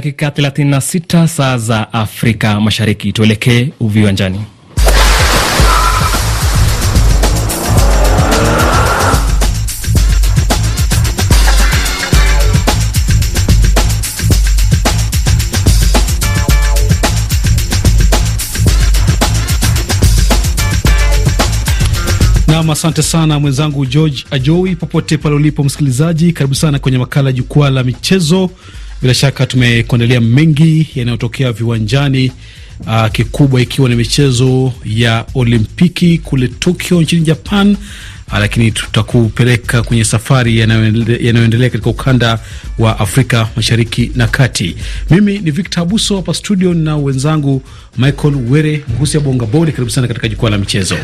Dakika 36 saa za Afrika Mashariki, tuelekee uviwanjani. Nam, asante sana mwenzangu George Ajoi, popote pale ulipo msikilizaji, karibu sana kwenye makala ya jukwaa la michezo. Bila shaka tumekuandalia mengi yanayotokea viwanjani, uh, kikubwa ikiwa ni michezo ya Olimpiki kule Tokyo nchini Japan, uh, lakini tutakupeleka kwenye safari yanayoendelea katika ukanda wa Afrika Mashariki na Kati. Mimi ni Victor Abuso hapa studio na wenzangu Michael Were Mhusia Bonga Karibu sana katika jukwaa la michezo.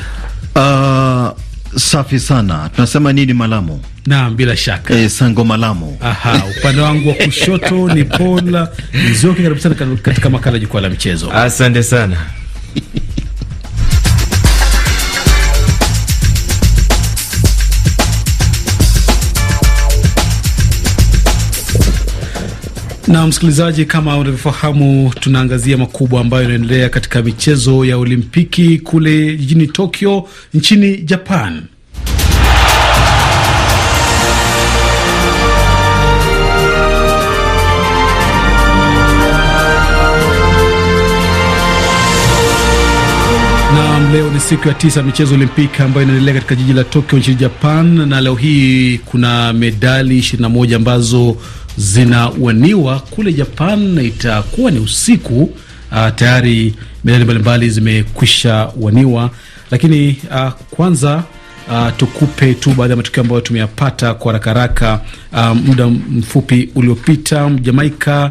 Uh, Safi sana. Tunasema nini Malamu? Naam, bila shaka. e, Sango Malamu. Aha, upande wangu wa kushoto ni Paul Nzioki, karibu sana katika makala jukwaa la michezo. Asante sana. Na msikilizaji, kama unavyofahamu, tunaangazia makubwa ambayo yanaendelea katika michezo ya Olimpiki kule jijini Tokyo nchini Japan. siku ya tisa michezo Olimpiki ambayo inaendelea katika jiji la Tokyo nchini Japan, na leo hii kuna medali 21 ambazo zinawaniwa kule Japan, na itakuwa ni usiku. Uh, tayari medali mbalimbali zimekwisha waniwa, lakini uh, kwanza Uh, tukupe tu baadhi ya matukio ambayo tumeyapata kwa haraka haraka muda mfupi uliopita. jamaika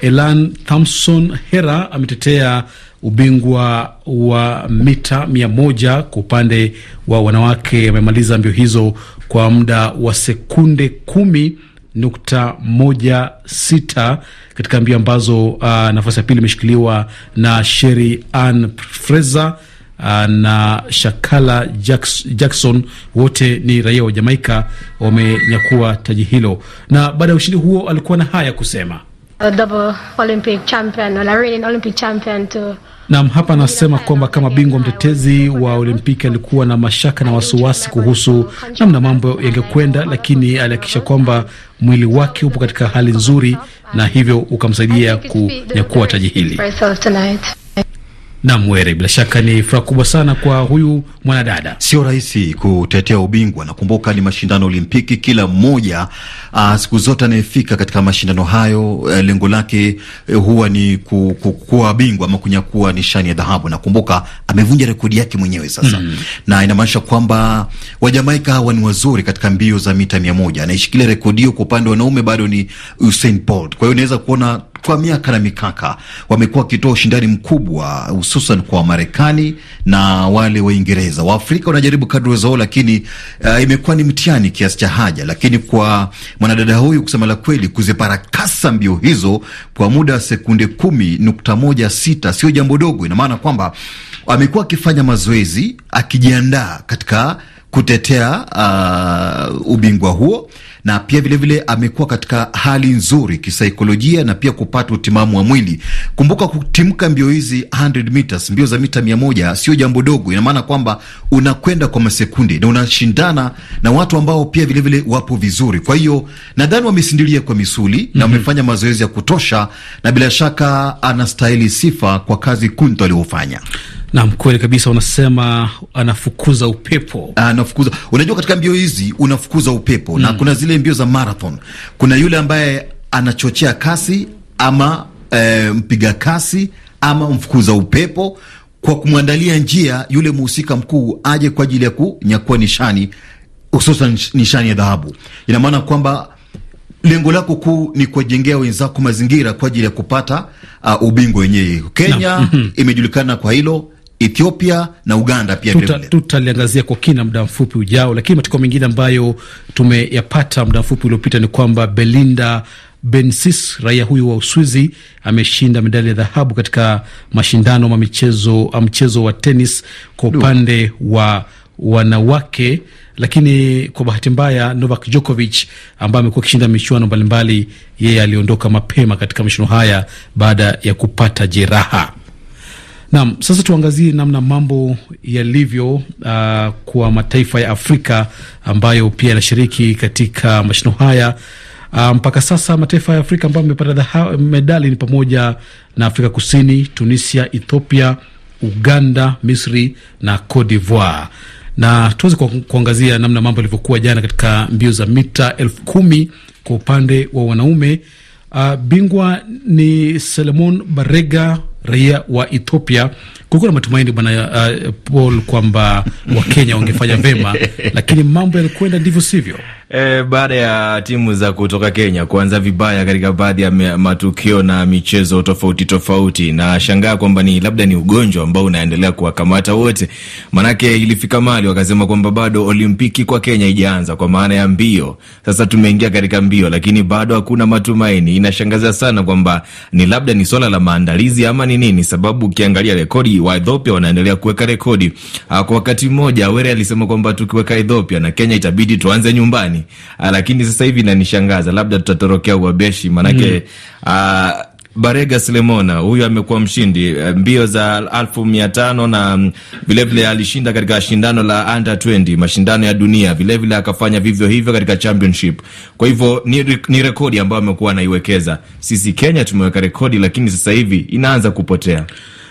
Elan Thompson Hera ametetea ubingwa wa mita mia moja kwa upande wa wanawake amemaliza mbio hizo kwa muda wa sekunde kumi nukta moja sita katika mbio ambazo uh, nafasi ya pili imeshikiliwa na Sheri Ann Fraser uh, na Shakala Jackson, wote ni raia wa Jamaika, wamenyakua taji hilo. Na baada ya ushindi huo alikuwa na haya kusema. Uh, nam hapa anasema kwamba kama bingwa uh, mtetezi wa Olimpiki alikuwa na mashaka na wasiwasi kuhusu namna mambo yangekwenda, lakini alihakikisha kwamba mwili wake upo katika hali nzuri na hivyo ukamsaidia kunyakua taji hili. Nam Were, bila shaka ni furaha kubwa sana kwa huyu mwanadada. Sio rahisi kutetea ubingwa. Nakumbuka ni mashindano Olimpiki, kila mmoja uh, siku zote anayefika katika mashindano hayo uh, lengo lake uh, huwa ni ku, ku, kuwa bingwa ama kunyakua nishani ya dhahabu. Nakumbuka amevunja rekodi yake mwenyewe sasa mm. na inamaanisha kwamba Wajamaika hawa ni wazuri katika mbio za mita mia moja. Anaishikilia rekodi hiyo kwa upande wa wanaume bado ni Usain Bolt, kwa hiyo unaweza kuona kwa miaka na mikaka wamekuwa wakitoa ushindani mkubwa, hususan kwa Wamarekani na wale Waingereza. Waafrika wanajaribu kadri wezao, lakini uh, imekuwa ni mtihani kiasi cha haja. Lakini kwa mwanadada huyu, kusema la kweli, kuziparakasa mbio hizo kwa muda wa sekunde kumi nukta moja sita sio jambo dogo. Ina maana kwamba amekuwa akifanya mazoezi akijiandaa katika kutetea uh, ubingwa huo na pia vilevile vile amekuwa katika hali nzuri kisaikolojia na pia kupata utimamu wa mwili. Kumbuka kutimka mbio hizi 100 meters, mbio za mita 100 sio jambo dogo. Ina maana kwamba unakwenda kwa masekunde na unashindana na watu ambao pia vilevile vile wapo vizuri. Kwa hiyo nadhani wamesindilia kwa misuli mm -hmm. na mhm. wamefanya mazoezi ya kutosha, na bila shaka anastahili sifa kwa kazi kunto aliyofanya. Naam, kweli kabisa, unasema anafukuza upepo. Anafukuza, unajua katika mbio hizi unafukuza upepo mm. na kuna zile mbio za marathon, kuna yule ambaye anachochea kasi ama e, mpiga kasi ama mfukuza upepo kwa kumwandalia njia yule mhusika mkuu aje kwa ajili ya kunyakua nishani, hususan nishani ya dhahabu. Ina maana kwamba lengo lako kuu ni kuwajengea wenzako mazingira kwa ajili ya kupata uh, ubingwa wenyewe. Kenya no. Mm-hmm. imejulikana kwa hilo Ethiopia na Uganda pia vilevile. Tutaliangazia kwa kina muda mfupi ujao, lakini matokeo mengine ambayo tumeyapata muda mfupi uliopita ni kwamba Belinda Bensis, raia huyu wa Uswizi, ameshinda medali ya dhahabu katika mashindano ma michezo mchezo wa tenis kwa upande wa wanawake, lakini kwa bahati mbaya Novak Djokovic ambaye amekuwa akishinda michuano mbalimbali, yeye aliondoka mapema katika mashindano haya baada ya kupata jeraha. Naam, sasa tuangazie namna mambo yalivyo uh, kwa mataifa ya Afrika ambayo pia yanashiriki katika mashindano haya. Uh, mpaka sasa mataifa ya Afrika ambayo amepata medali ni pamoja na Afrika Kusini, Tunisia, Ethiopia, Uganda, Misri na Cote d'Ivoire. Na tuweze kuangazia namna mambo yalivyokuwa jana katika mbio za mita elfu kumi kwa upande wa wanaume. Uh, bingwa ni Solomon Barega raia wa Ethiopia. Kulikuwa na matumaini bwana uh, Paul kwamba Wakenya wangefanya vema lakini mambo yalikwenda ndivyo sivyo. E, baada ya timu za kutoka Kenya kuanza vibaya katika baadhi ya matukio na michezo tofauti tofauti, na shangaa kwamba ni labda ni ugonjwa ambao unaendelea kuwakamata wote, manake ilifika mali wakasema kwamba bado olimpiki kwa Kenya ijaanza kwa maana ya mbio. Sasa tumeingia katika mbio, lakini bado hakuna matumaini. Inashangaza sana kwamba ni labda ni swala la maandalizi ama ni nini, sababu ukiangalia rekodi wa Ethiopia wanaendelea kuweka rekodi ah, kwa wakati mmoja. Were alisema kwamba tukiweka Ethiopia na Kenya itabidi tuanze nyumbani Ah, lakini sasa hivi inanishangaza, labda tutatorokea uabeshi maanake mm. Ah, Barega Slemona huyu amekuwa mshindi eh, mbio za alfu mia tano na vilevile mm, alishinda katika shindano la under 20 mashindano ya dunia, vilevile akafanya vivyo hivyo katika championship. Kwa hivyo ni, ni rekodi ambayo amekuwa anaiwekeza. Sisi Kenya tumeweka rekodi, lakini sasa hivi inaanza kupotea.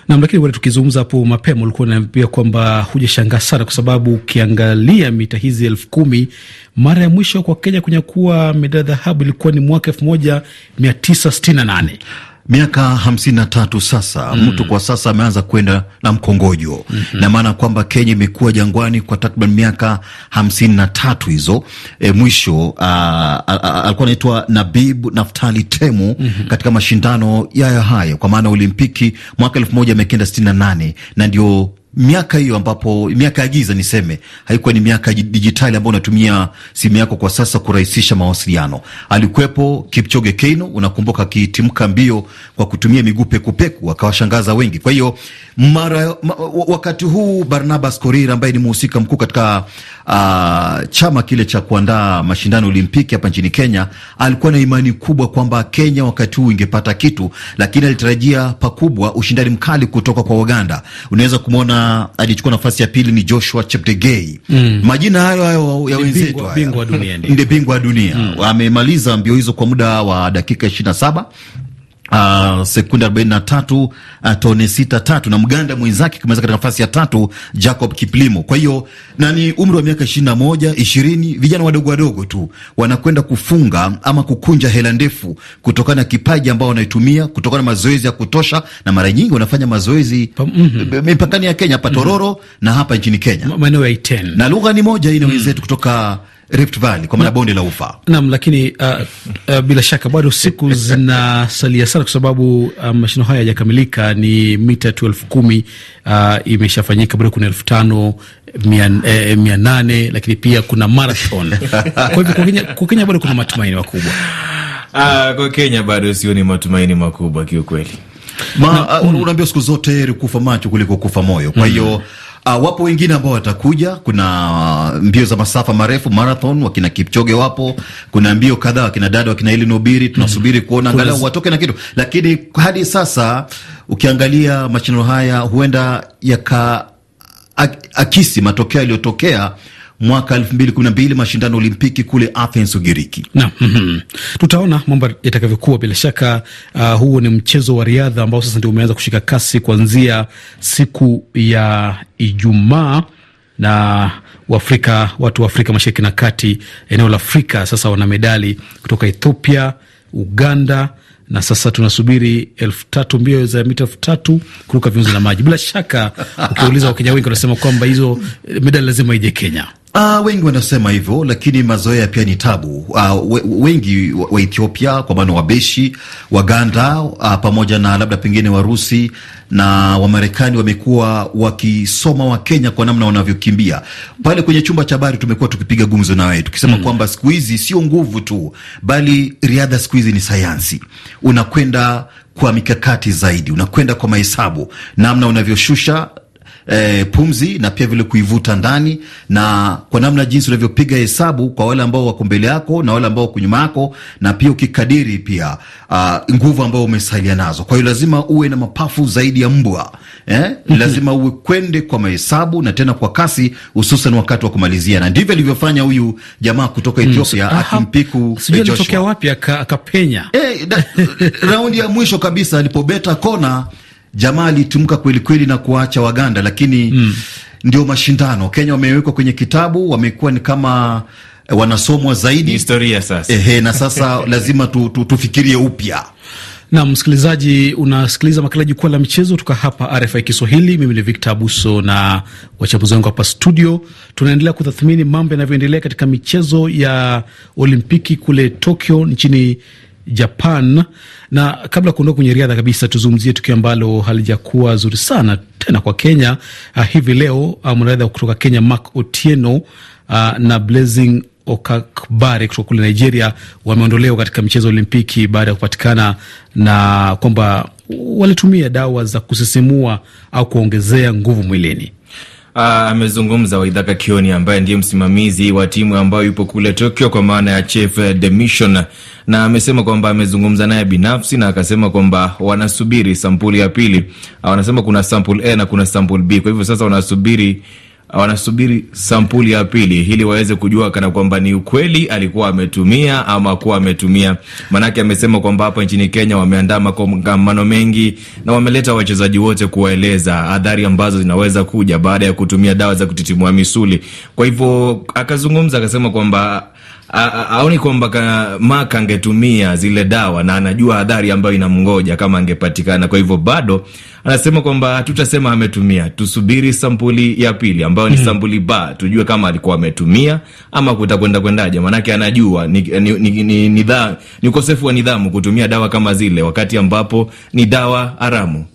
Nam, lakini wale tukizungumza hapo mapema, ulikuwa unaambia kwamba hujashangaa sana, kwa sababu ukiangalia mita hizi elfu kumi mara ya mwisho kwa Kenya kunyakua medali ya dhahabu ilikuwa ni mwaka elfu moja mia tisa sitini na nane miaka hamsini na tatu sasa mm. Mtu kwa sasa ameanza kwenda na mkongojo mm -hmm. Na maana kwamba Kenya imekuwa jangwani kwa takriban miaka hamsini na tatu hizo. E, mwisho alikuwa anaitwa Nabib Naftali Temu mm -hmm. Katika mashindano yayo haya kwa maana Olimpiki mwaka elfu moja mia kenda sitini na nane na ndio miaka hiyo ambapo miaka ya giza niseme, haikuwa ni miaka dijitali ambayo unatumia simu yako kwa sasa kurahisisha mawasiliano. Alikuwepo Kipchoge Keino, unakumbuka, akitimka mbio kwa kutumia miguu pekupeku, akawashangaza wengi. Kwa hiyo mara ma, wakati huu Barnabas Korir ambaye ni mhusika mkuu katika uh, chama kile cha kuandaa mashindano Olimpiki hapa nchini Kenya alikuwa na imani kubwa kwamba Kenya wakati huu ingepata kitu, lakini alitarajia pakubwa ushindani mkali kutoka kwa Waganda. Unaweza kumwona alichukua nafasi ya pili ni Joshua Cheptegei mm. Majina hayo hayo ya wenzetu ndio bingwa dunia, dunia. Mm. Amemaliza mbio hizo kwa muda wa dakika ishirini na saba Uh, sekunde 43 uh, ah, tone sita tatu na Mganda mwenzake kimeweza katika nafasi ya tatu Jacob Kiplimo. Kwa hiyo nani umri wa miaka 21, 20, vijana wadogo wadogo tu wanakwenda kufunga ama kukunja hela ndefu kutokana na kipaji ambao wanaitumia kutokana na mazoezi ya kutosha, na mara nyingi wanafanya mazoezi mhm. mipakani ya Kenya hapa Tororo mhm. na hapa nchini Kenya. Na lugha ni moja ile mm. wenzetu kutoka Rift Valley kwa maana bonde la ufa. Naam, lakini uh, uh, bila shaka bado siku zinasalia sana kwa sababu uh, mashino haya hayajakamilika. Ni mita tu elfu kumi uh, imeshafanyika, bado kuna elfu tano mia, eh, mia nane lakini pia kuna marathon kwa hivyo kwa Kenya, bado kuna matumaini makubwa. Ah, kwa Kenya bado sioni matumaini makubwa kiukweli. Ma, uh, unaambia siku zote heri kufa macho kuliko kufa moyo, kwa mm. hiyo mm. Uh, wapo wengine ambao watakuja. Kuna ah, mbio za masafa marefu marathon, wakina Kipchoge wapo, kuna mbio kadhaa, wakina dada, wakina Elin Nobiri, tunasubiri mm-hmm. kuona angalau watoke na kitu, lakini hadi sasa ukiangalia mashindano haya huenda yaka akisi matokeo yaliyotokea mwaka 2012 mashindano Olimpiki kule Athens, Ugiriki. Na, mm -hmm. Tutaona mambo yatakavyokuwa bila shaka. Uh, huo ni mchezo wa riadha ambao sasa ndio umeanza kushika kasi kuanzia siku ya Ijumaa na Waafrika, watu wa Afrika Mashariki na Kati, eneo la Afrika sasa wana medali kutoka Ethiopia, Uganda na sasa tunasubiri elfu tatu mbio za mita elfu tatu kuruka viunzi na maji. Bila shaka ukiuliza Wakenya wengi wanasema kwamba hizo medali lazima ije Kenya. Uh, wengi wanasema hivyo, lakini mazoea pia ni tabu. Uh, we, wengi wa, wa Ethiopia kwa maana Wabeshi, Waganda uh, pamoja na labda pengine Warusi na Wamarekani wamekuwa wakisoma Wakenya kwa namna wanavyokimbia pale. Kwenye chumba cha habari tumekuwa tukipiga gumzo na wewe tukisema mm, kwamba siku hizi sio nguvu tu, bali riadha siku hizi ni sayansi. Unakwenda kwa mikakati zaidi, unakwenda kwa mahesabu, namna unavyoshusha eh, pumzi na pia vile kuivuta ndani, na kwa namna jinsi unavyopiga hesabu kwa wale ambao wako mbele yako na wale ambao wako nyuma yako, na pia ukikadiri pia uh, nguvu ambao umesalia nazo. Kwa hiyo lazima uwe na mapafu zaidi ya mbwa eh? Mhm. lazima uwe kwende kwa mahesabu na tena kwa kasi, hususan wakati wa kumalizia, na ndivyo alivyofanya huyu jamaa kutoka mm. Ethiopia mm, akimpiku Joshua wapi akapenya eh, raundi ya mwisho kabisa alipobeta kona jamaa alitumka kweli kweli na kuwaacha Waganda, lakini mm. ndio mashindano. Kenya wamewekwa kwenye kitabu, wamekuwa ni kama eh, wanasomwa zaidi historia sasa. Ehe, na sasa lazima tu, tu, tufikirie upya. Na msikilizaji, unasikiliza makala jukwa la Michezo kutoka hapa RFI Kiswahili. Mimi ni Victor Abuso na wachambuzi wangu hapa studio. Tunaendelea kutathmini mambo yanavyoendelea katika michezo ya Olimpiki kule Tokyo nchini Japan. Na kabla ya kuondoka kwenye riadha kabisa, tuzungumzie tukio ambalo halijakuwa zuri sana tena kwa Kenya uh, hivi leo uh, mwanariadha kutoka Kenya Mark Otieno uh, na Blessing Okakbare kutoka kule Nigeria wameondolewa katika michezo ya Olimpiki baada ya kupatikana na kwamba walitumia dawa za kusisimua au kuongezea nguvu mwilini. Ah, amezungumza Waidhaka Kioni ambaye ndiye msimamizi wa timu ambayo yupo kule Tokyo kwa maana ya Chef de Mission, na amesema kwamba amezungumza naye binafsi na akasema kwamba wanasubiri sampuli ya pili. Ah, wanasema kuna sample A na kuna sample B, kwa hivyo sasa wanasubiri wanasubiri sampuli ya pili ili waweze kujua kana kwamba ni ukweli alikuwa ametumia ama kuwa ametumia. Manake amesema kwamba hapa nchini Kenya wameandaa makongamano mengi na wameleta wachezaji wote kuwaeleza adhari ambazo zinaweza kuja baada ya kutumia dawa za kutitimua misuli. Kwa hivyo akazungumza akasema kwamba aoni kwamba Mark angetumia zile dawa na anajua adhari ambayo inamngoja kama angepatikana. Kwa hivyo bado anasema kwamba hatutasema ametumia, tusubiri sampuli ya pili ambayo ni mm -hmm. sampuli ba, tujue kama alikuwa ametumia ama kutakwenda kwendaje, manake anajua ni, ni, ni, ni, ni, ni ukosefu wa nidhamu kutumia dawa kama zile wakati ambapo ni dawa haramu.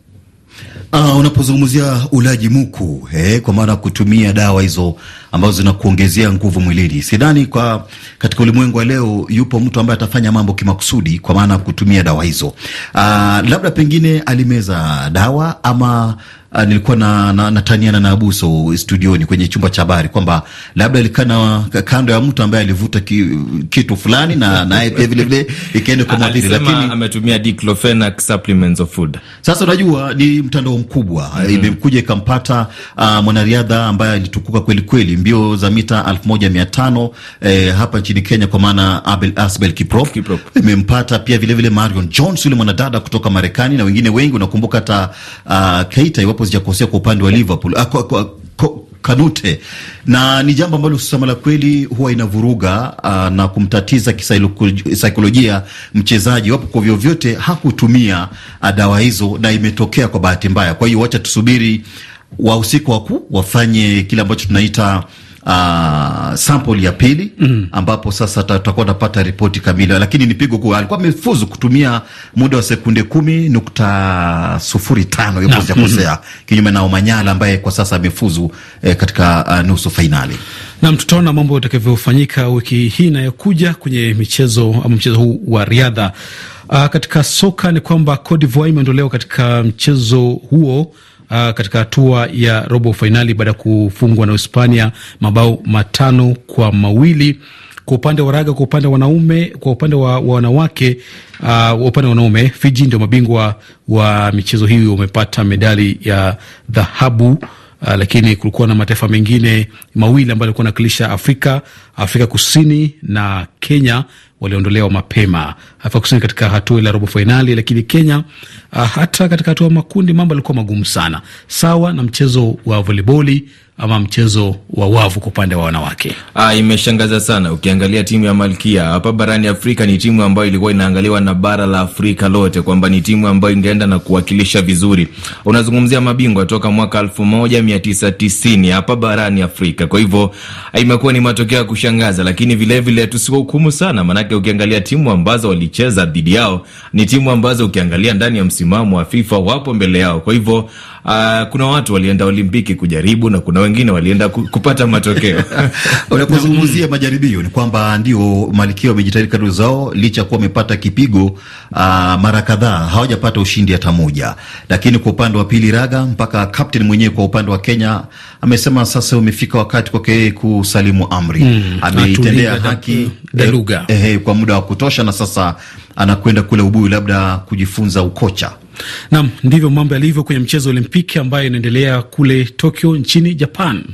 Uh, unapozungumzia ulaji muku eh, kwa maana kutumia dawa hizo ambazo zinakuongezea nguvu mwilini, sidhani kwa katika ulimwengu wa leo yupo mtu ambaye atafanya mambo kimakusudi kwa maana kutumia dawa hizo. Uh, labda pengine alimeza dawa ama Ah, nilikuwa na, na, nataniana na Abuso studioni kwenye chumba cha habari kwamba labda alikaa kando ya mtu ambaye alivuta ki, kitu fulani na naye pia vile vile ikaenda kwa mwadhiri, lakini ametumia diclofenac supplements of food. Sasa unajua ni mtandao mkubwa mm -hmm. Imekuja ikampata uh, mwanariadha ambaye alitukuka kweli kweli mbio za mita 1500 eh, hapa nchini Kenya kwa maana Abel Asbel Kiprop, Kiprop. Imempata pia vile vile Marion Jones yule mwanadada kutoka Marekani na wengine wengi, unakumbuka hata uh, Keita iwapo sijakosea kwa upande wa Liverpool ah, kwa, kwa, kwa, Kanute na ni jambo ambalo kusema la kweli huwa inavuruga uh, na kumtatiza kisaikolojia mchezaji wapo kwa vyovyote hakutumia ah, dawa hizo na imetokea kwa bahati mbaya. Kwa hiyo wacha tusubiri wahusika wakuu wafanye kile ambacho tunaita uh, sample ya pili mm. ambapo sasa tutakuwa tunapata ripoti kamili, lakini nipigo kwa alikuwa amefuzu kutumia muda wa sekunde kumi nukta sufuri tano yupo sijakosea mm -hmm. kinyume na Omanyala ambaye kwa sasa amefuzu eh, katika uh, nusu fainali. Nam, tutaona mambo yatakavyofanyika wiki hii inayokuja kwenye michezo ama mchezo huu wa riadha. Uh, katika soka ni kwamba Cote d'Ivoire imeondolewa katika mchezo huo uh, katika hatua ya robo fainali baada ya kufungwa na Hispania mabao matano kwa mawili kwa upande wa raga, kwa upande wa wanaume, kwa upande wa wanawake, uh, upande wa wanaume Fiji ndio mabingwa wa michezo hiyo, wamepata medali ya dhahabu. Uh, lakini kulikuwa na mataifa mengine mawili ambayo alikuwa yanawakilisha Afrika, Afrika Kusini na Kenya waliondolewa mapema. Afrika Kusini ah, katika hatua ya robo fainali, lakini Kenya hata katika hatua makundi mambo yalikuwa magumu sana, sawa na mchezo wa voliboli ama mchezo wa wavu kwa upande wa wanawake. Ah, imeshangaza sana ukiangalia timu ya Malkia hapa barani Afrika ni timu ambayo ilikuwa inaangaliwa na bara la Afrika lote kwamba ni timu ambayo ingeenda na kuwakilisha vizuri. Unazungumzia mabingwa toka mwaka 1990 hapa barani Afrika. Kwa hivyo ah, imekuwa ni matokeo ya kushangaza, lakini vile vile tusihukumu sana, manake ukiangalia timu ambazo walicheza dhidi yao ni timu ambazo ukiangalia ndani ya msimamo wa FIFA wapo mbele yao. Kwa hivyo uh, kuna watu walienda Olimpiki kujaribu na kuna wengine walienda kupata matokeo. Unapozungumzia majaribio ni kwamba ndio malkia wamejitahidi kadri zao, licha kuwa wamepata kipigo uh, mara kadhaa, hawajapata ushindi hata moja. Lakini kwa upande wa pili raga, mpaka captain mwenyewe kwa upande wa Kenya amesema sasa umefika wakati kwake yeye kusalimu amri. hmm, ameitendea haki eh, eh, kwa muda wa kutosha, na sasa anakwenda kule ubuyu labda kujifunza ukocha. Nam, ndivyo mambo yalivyo kwenye mchezo wa Olimpiki ambayo inaendelea kule Tokyo nchini Japan.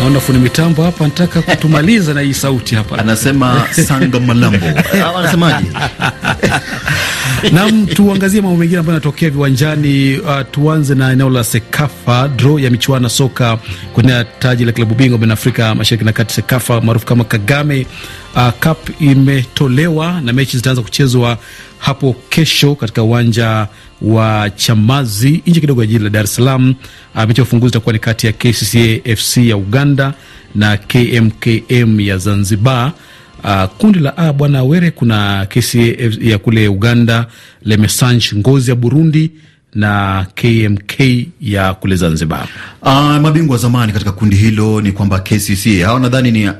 Naona fundi mitambo hapa nataka kutumaliza na hii sauti hapa, anasema sanga malambo anasemaje? Naam, tuangazie mambo mengine ambayo yanatokea viwanjani. Uh, tuanze na eneo la Sekafa, draw ya michuano soka kuenea taji la klabu bingwa barani Afrika Mashariki na Kati, Sekafa maarufu kama Kagame uh, Cup imetolewa na mechi zitaanza kuchezwa hapo kesho katika uwanja wa Chamazi nje kidogo ya jiji la Dar es Salaam. Uh, mechi ya ufunguzi itakuwa ni kati ya KCCA FC ya Uganda na KMKM ya Zanzibar. Uh, kundi la A bwana Were, kuna kesi ya kule Uganda, Lemesange Ngozi ya Burundi na KMK ya kule Zanzibar. Uh, mabingwa wa zamani katika kundi hilo ni kwamba KCC hao nadhani ni uh,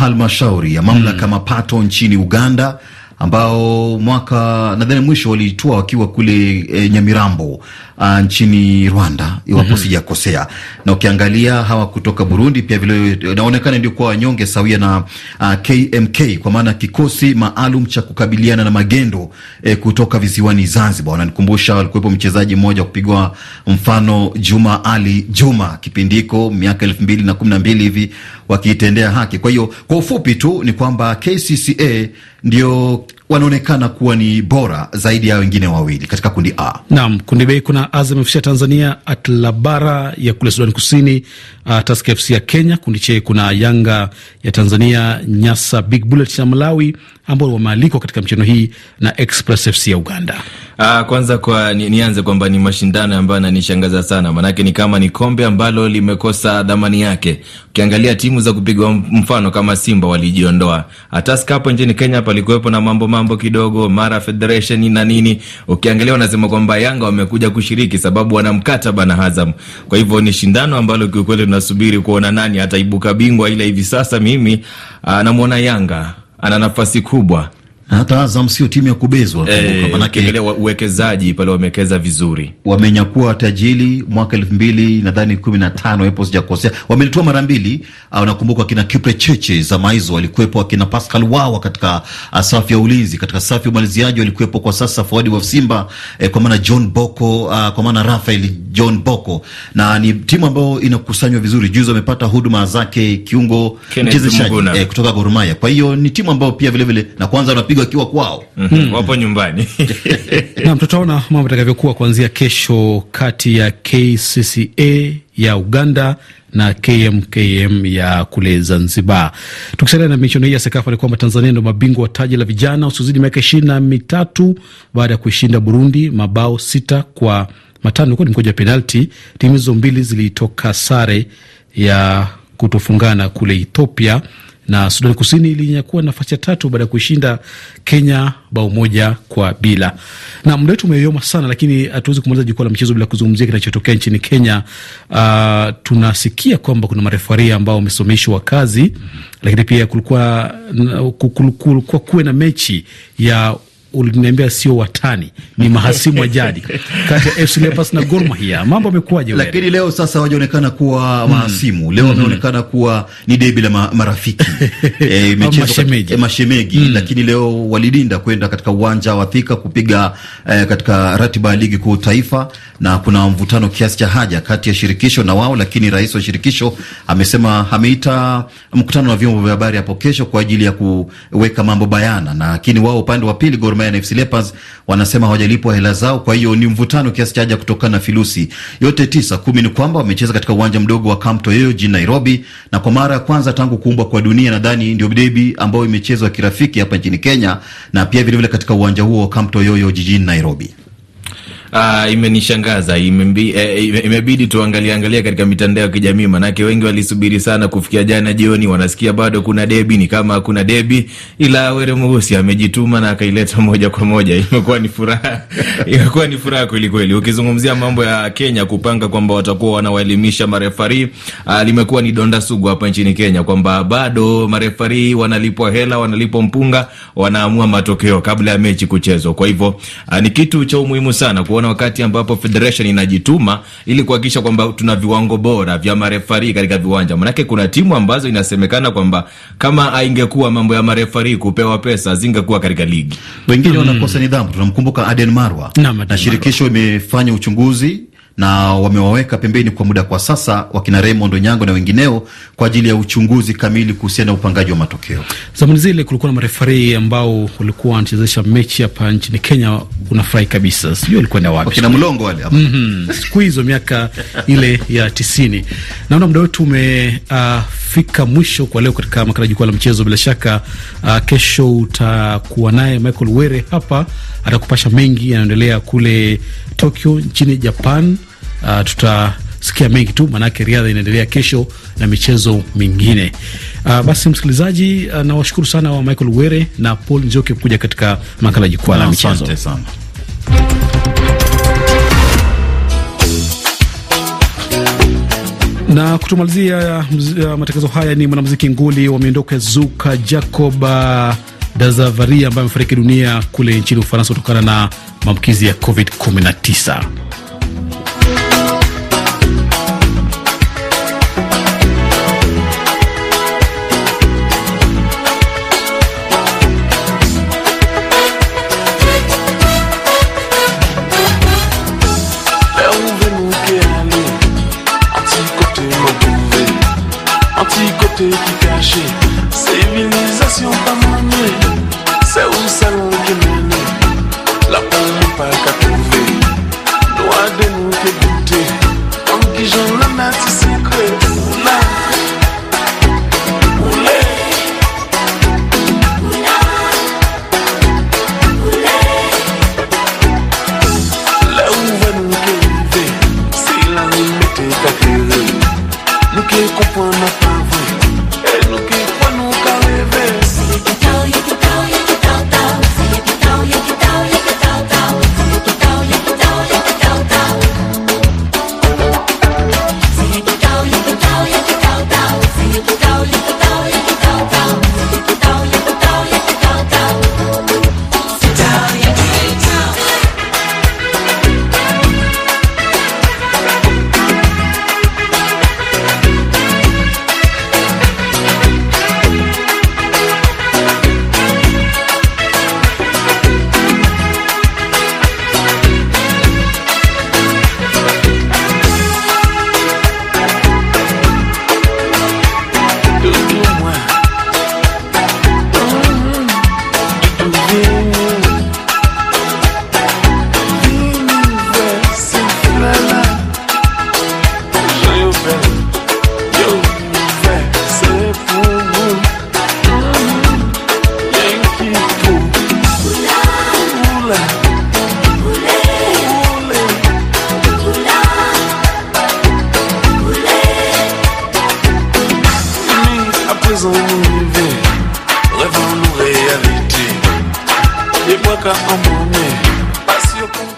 halmashauri ya mamlaka mm, mapato nchini Uganda ambao mwaka nadhani mwisho walitua wakiwa kule e, Nyamirambo uh, nchini Rwanda iwapo mm -hmm. sijakosea, na ukiangalia hawa kutoka Burundi pia vile naonekana ndio kwa wanyonge sawia na uh, ah, KMK kwa maana kikosi maalum cha kukabiliana na magendo eh, kutoka visiwani Zanzibar. Wananikumbusha walikuwepo mchezaji mmoja wa kupigwa mfano Juma Ali Juma kipindi hiko miaka elfu mbili na kumi na mbili hivi wakiitendea haki. Kwa hiyo kwa ufupi tu ni kwamba KCCA ndio wanaonekana kuwa ni bora zaidi ya wengine wawili katika kundi A. Naam, kundi B kuna Azam FC ya Tanzania, Atlabara ya kule Sudan Kusini, uh, Tusker FC ya Kenya. Kundi C kuna Yanga ya Tanzania, Nyasa Big Bullet ya Malawi ambao wamealikwa katika mchezo hii na Express FC ya Uganda. Uh, kwanza kwa nianze ni, kwamba ni mashindano ambayo yananishangaza sana, maanake ni kama ni kombe ambalo limekosa dhamani yake. Ukiangalia timu za kupigwa mfano kama Simba walijiondoa, hata ah, skapo nchini Kenya palikuwepo na mambo mambo kidogo, mara federation na nini. Ukiangalia wanasema kwamba Yanga wamekuja kushiriki sababu wana mkataba na Azam. Kwa hivyo ni shindano ambalo kiukweli tunasubiri kuona nani ataibuka bingwa, ila hivi sasa mimi ah, namwona Yanga ana nafasi kubwa hata Azam sio timu ya kubezwa, eh, manake uwekezaji pale wamewekeza vizuri, wamenyakua tajili mwaka elfu mbili nadhani kumi na tano epo sijakosea, wamelitoa mara mbili. Nakumbuka akina Kipre Cheche za maizo walikuwepo, akina Pascal Wawa katika uh, safu ya ulinzi, katika safu ya umaliziaji walikuwepo kwa sasa fuadi wa Simba eh, kwa maana John Boko uh, kwa maana Rafael John Boko, na ni timu ambayo inakusanywa vizuri. Juzi wamepata huduma zake kiungo mchezeshaji eh, kutoka Gor Mahia. Kwa hiyo ni timu ambayo pia vilevile vile, na kwanza unapiga wanapigwa wakiwa kwao, mm -hmm. wapo nyumbani nam, tutaona mambo atakavyokuwa kuanzia kesho kati ya KCCA ya Uganda na KMKM ya kule Zanzibar. Tukisalia na michuano hii ya SEKAFA ni kwamba Tanzania ndo mabingwa wa taji la vijana usiozidi miaka ishirini na mitatu baada ya kuishinda Burundi mabao sita kwa matano ni mkoja wa penalti. Timu hizo mbili zilitoka sare ya kutofungana kule Ethiopia na Sudani Kusini ilinyakua nafasi ya tatu baada ya kuishinda Kenya bao moja kwa bila. Na muda wetu umeyoma sana, lakini hatuwezi kumaliza jukwaa la michezo bila kuzungumzia kinachotokea nchini Kenya. Uh, tunasikia kwamba kuna marefaria ambao wamesomeshwa kazi, lakini pia kulikuwa kulikuwa kuwe na mechi ya uliniambia sio watani, ni mahasimu wa jadi kati ya FC Leopards na Gor Mahia. Mambo amekuwaje wewe? Lakini leo sasa hawajaonekana kuwa hmm. mahasimu, leo hmm. wameonekana mm -hmm. kuwa ni debi la marafiki e, mashemeji, e, mashemeji. Mm. Lakini leo walidinda kwenda katika uwanja wa Thika kupiga e, katika ratiba ya ligi kuu taifa, na kuna mvutano kiasi cha haja kati ya shirikisho na wao, lakini rais wa shirikisho amesema ameita mkutano wa vyombo vya habari hapo kesho kwa ajili ya kuweka mambo bayana, lakini wao upande wa pili Gor ya NFC Leopards wanasema hawajalipwa hela zao, kwa hiyo ni mvutano kiasi cha haja kutokana na filusi. Yote tisa kumi ni kwamba wamecheza katika uwanja mdogo wa Camp Toyoyo jijini Nairobi, na kwa mara ya kwanza tangu kuumbwa kwa dunia nadhani ndio debi ambayo imechezwa kirafiki hapa nchini Kenya na pia vilevile katika uwanja huo wa Camp Toyoyo jijini Nairobi uh, imenishangaza imebidi eh, ime tuangaliangalia katika mitandao ya kijamii, manake wengi walisubiri sana kufikia jana jioni, wanasikia bado kuna debi, ni kama hakuna debi, ila Were Mweusi amejituma na akaileta moja kwa moja. Imekuwa ni furaha imekuwa ni furaha kweli kweli Ukizungumzia mambo ya Kenya kupanga kwamba watakuwa wanawaelimisha marefari, uh, limekuwa ni donda sugu hapa nchini Kenya kwamba bado marefari wanalipwa hela, wanalipwa mpunga, wanaamua matokeo kabla ya mechi kuchezwa. Kwa hivyo uh, ni kitu cha umuhimu sana kuona na wakati ambapo federation inajituma ili kuhakikisha kwamba tuna viwango bora vya marefari katika viwanja, manake kuna timu ambazo inasemekana kwamba kama aingekuwa mambo ya marefari kupewa pesa zingekuwa katika ligi, wengine mm-hmm. wanakosa nidhamu. Tunamkumbuka Aden Marwa na shirikisho imefanya uchunguzi na wamewaweka pembeni kwa muda kwa sasa wakina Raymond Onyango na wengineo kwa ajili ya uchunguzi kamili kuhusiana na upangaji wa matokeo. Zamani zile kulikuwa na marefari ambao walikuwa wanachezesha mechi hapa nchini Kenya, unafurahi kabisa, sijui walikuwa ni wapi, kina Mlongo wale mm -hmm. siku hizo miaka ile ya tisini. Naona muda wetu umefika uh, mwisho kwa leo katika makala jukwaa la mchezo. Bila shaka uh, kesho utakuwa naye Michael Were hapa atakupasha mengi yanaendelea kule Tokyo nchini Japan uh, tutasikia mengi tu, maanake riadha inaendelea kesho na michezo mingine. Uh, basi msikilizaji, uh, nawashukuru sana wa Michael Were na Paul Njoke kuja katika makala jukwaa la michezo. na kutumalizia matangazo haya ni mwanamuziki nguli wa miondoko ya zuka Jacob Dazavaria ambaye amefariki dunia kule nchini Ufaransa kutokana na maambukizi ya COVID-19.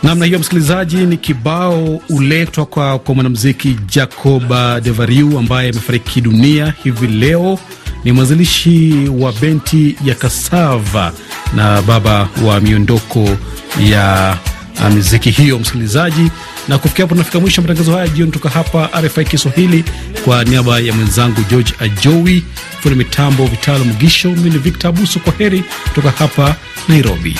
namna hiyo, msikilizaji, ni kibao ule kutoka kwa, kwa mwanamuziki Jacoba Devariu ambaye amefariki dunia hivi leo. Ni mwanzilishi wa benti ya Kasava na baba wa miondoko ya uh, muziki hiyo. Msikilizaji, na kufikia hapo tunafika mwisho matangazo haya jioni kutoka hapa RFI Kiswahili. Kwa niaba ya mwenzangu George Ajowi, fundi mitambo Vitalo Mgisho, mimi ni Victor Abuso. Kwa heri kutoka hapa Nairobi.